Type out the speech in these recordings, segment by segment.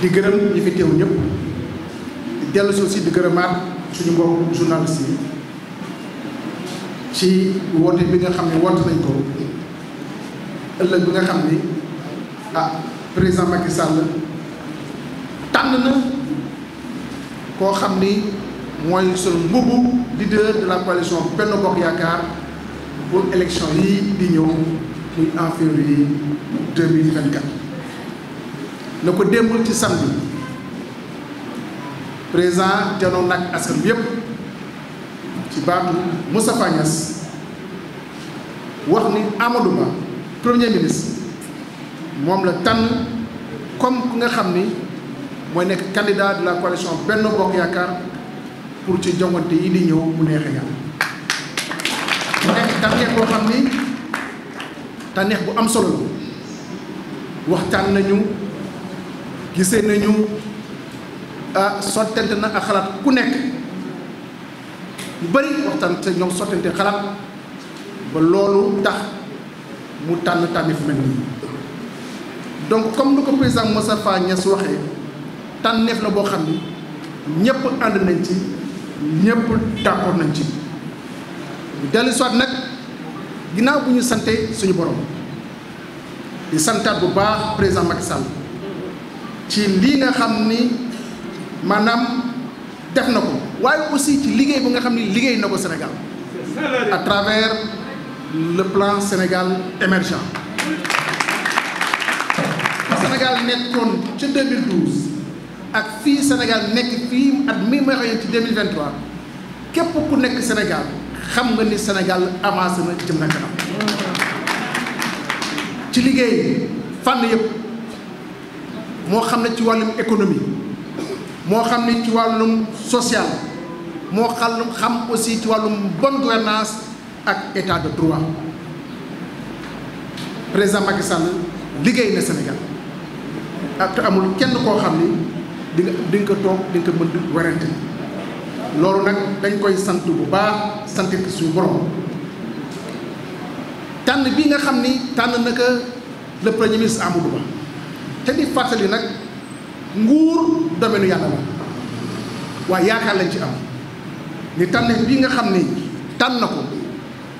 di gërëm ñi fi teew ñëpp di dellu si aussi di gërëmaat suñu mbokk journaliste yi ci woote bi nga xam ne woote nañ ko ëllëg bi nga xam ni ah président Macky Sall tànn na koo xam ni mooy sol mbubu leader de la coalition Benno Bokk Yaakaar pour élection yi di ñëw muy en février 2024 na ko démbul ci samedi président janoo nag askan yépp ci baatu Moustapha Niasse wax ni Amadou Ba premier ministre moom la tànn comme ku nga xam ni mooy nekk candidat de la coalition benn Bokk Yaakaar pour ci jongante yi di ñëw mu neexee yàlla mu nekk tànneef boo xam ni tànneef bu am solo la waxtaan nañu gisee nañu ah sottante na ak xalaat ku nekk ñu bëri waxtaan te ñoom sottante xalaat ba loolu tax mu tànn tànn fu mel nii donc comme lu ko président Moustapha Niasse waxee tànneef la boo xam ni ñëpp ànd nañ ci ñëpp d'accord nañ ci ñu dellu soit nag ginnaaw bu ñu sante suñu borom di santaat bu baax président Macky Sall ci li nga xam ni def aussi ci liggéey bu nga Sénégal à travers le plan Sénégal émergent Sénégal nekkoon en 2012 ak fii Sénégal nekk fii at mi ci 2023 képp ku nekk Sénégal xam nga Sénégal moo xam ne ci wàllum économie moo xam ne ci wàllum social moo xam xam aussi ci wàllum bonne gouvernance ak état de droit président Macky Sall liggéey na Sénégal ak ah, te amul kenn koo xam ni di nga di di nga ko mën di werante dañ koy sant bu baax sant ki suñu borom tànn bi nga xam ni tànn na le premier ministre Amadou Ba te di fàttali nag nguur domaine yàlla la waaye yaakaar lañ ci am ni tànneef bii nga xam ni tànn na ko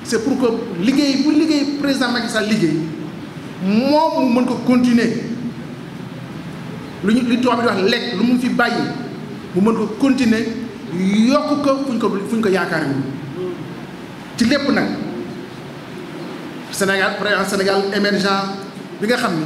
c'est pour que liggéey bu liggéey président Macky Sall liggéey moom mu mën ko continuer lu ñu li tubaab bi wax lekk lu mu fi bàyyi mu mën ko continuer yokk ko fuñ ko fuñ ko yaakaar ci lépp nag Sénégal président Sénégal émergent bi nga xam ni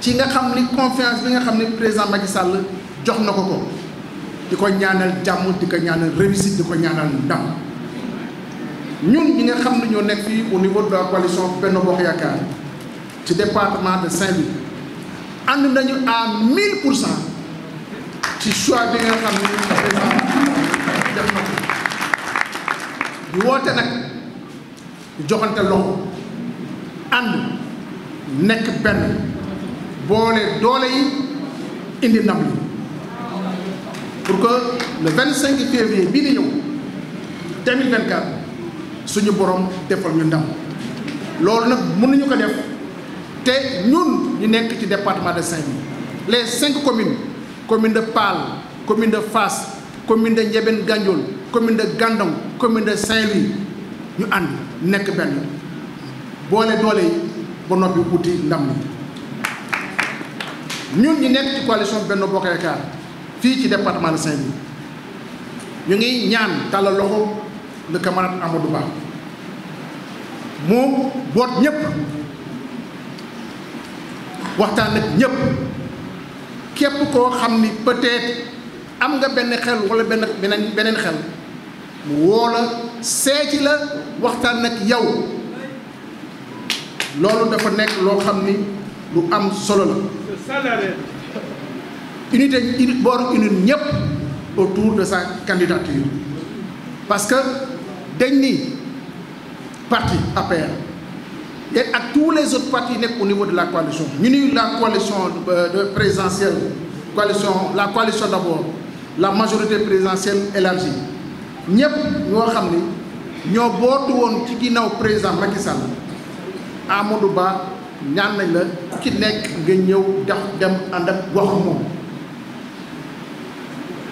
ci nga xam ni confiance bi nga xam ni président Macky Sall jox na ko ko di ko ñaanal jàmm di ko ñaanal réussite di ko ñaanal ndam ñun ñi nga xam ne ñoo nekk fii au niveau de la coalition Benno Bokk Yaakaar ci département de Saint-Louis ànd nañu à 1000 pour cent ci soit bi nga xam ni président def woote nag joxante loxo ànd nekk benn. pour que le 25 février 2024 suñu borom pas ñu ndam nak mënu ñu ko def te ñun ñu ci département de Saint-Louis les cinq communes commune de Pal, commune de Fass commune de Yeben gagnon commune de Gandon commune de Saint-Louis ñu nous. nekk ben bolé dolé ñun ñu nekk ci coalition Benno Bokk fii ci département de bi ñu ngi ñaan tàllal loxo le camarade Amadou Ba moom boot ñëpp waxtaan ak ñëpp képp koo xam ni peut am nga benn xel walla benn beneen beneen xel mu woo la seeti la waxtaan ak yow loolu dafa nekk loo xam ni. lu am solo la unité a une ñep autour de sa candidature parce que dañ ni parti APR et à tous les autres partis au niveau de la coalition la coalition euh, présidentielle coalition la coalition d'abord la majorité présidentielle élargie ñep ñoo xamni ñoo bootu won ci ginnaw président Macky Sall Amadou Ba ñaan nañ la ki ci nekk nga ñëw def dem ànd ak wax moom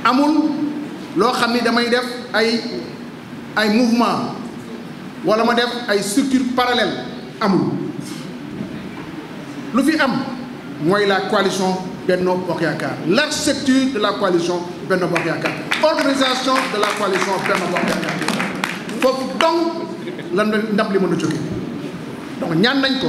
amul loo xam ni damay def ay ay mouvement wala ma def ay structure parallèle amul lu fi am mooy la coalition Benno Bokk Yaakaar l'architecture de la coalition Benno Bokk Yaakaar organisation de la coalition Benno Bokk Yaakaar foofu donc la ndam li mën a jóge donc ñaan nañ ko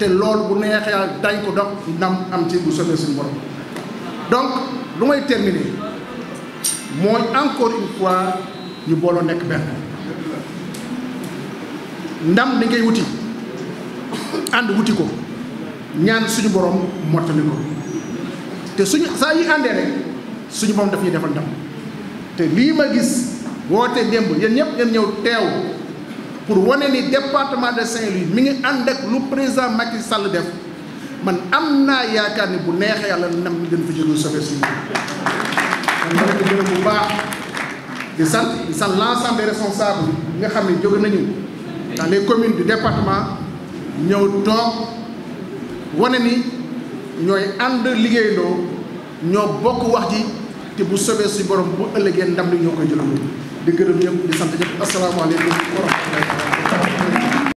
te loolu bu neexee dañ ko dox ndam am ci bu soobee suñu borom donc lu may terminer mooy encore une fois ñu booloo nekk benn ndam li ngay wuti ànd wuti ko ñaan suñu boroom mottali ko te suñu saa yi àndee rek suñu borom daf ñuy defal ndam te lii ma gis woote démb yéen ñëpp ngeen ñëw teew. pour wane ni département de Saint-Louis mi ngi ànd ak lu président Macky Sall def man am naa yaakaar ni bu neexee yàlla nam mi gën fa jóge sofe suñu ma nekk gërëm bu baax di sant nga xam ne jóge nañu dans les communes du département ñëw toog wane ni ñooy ànd liggéeyandoo ñoo bokk wax ji te bu sobee si borom bu ëllëgee ndam li ñoo koy jëlal di gërëm ñëpp di sant ñëpp asalaamaaleykum wa rahmatulah.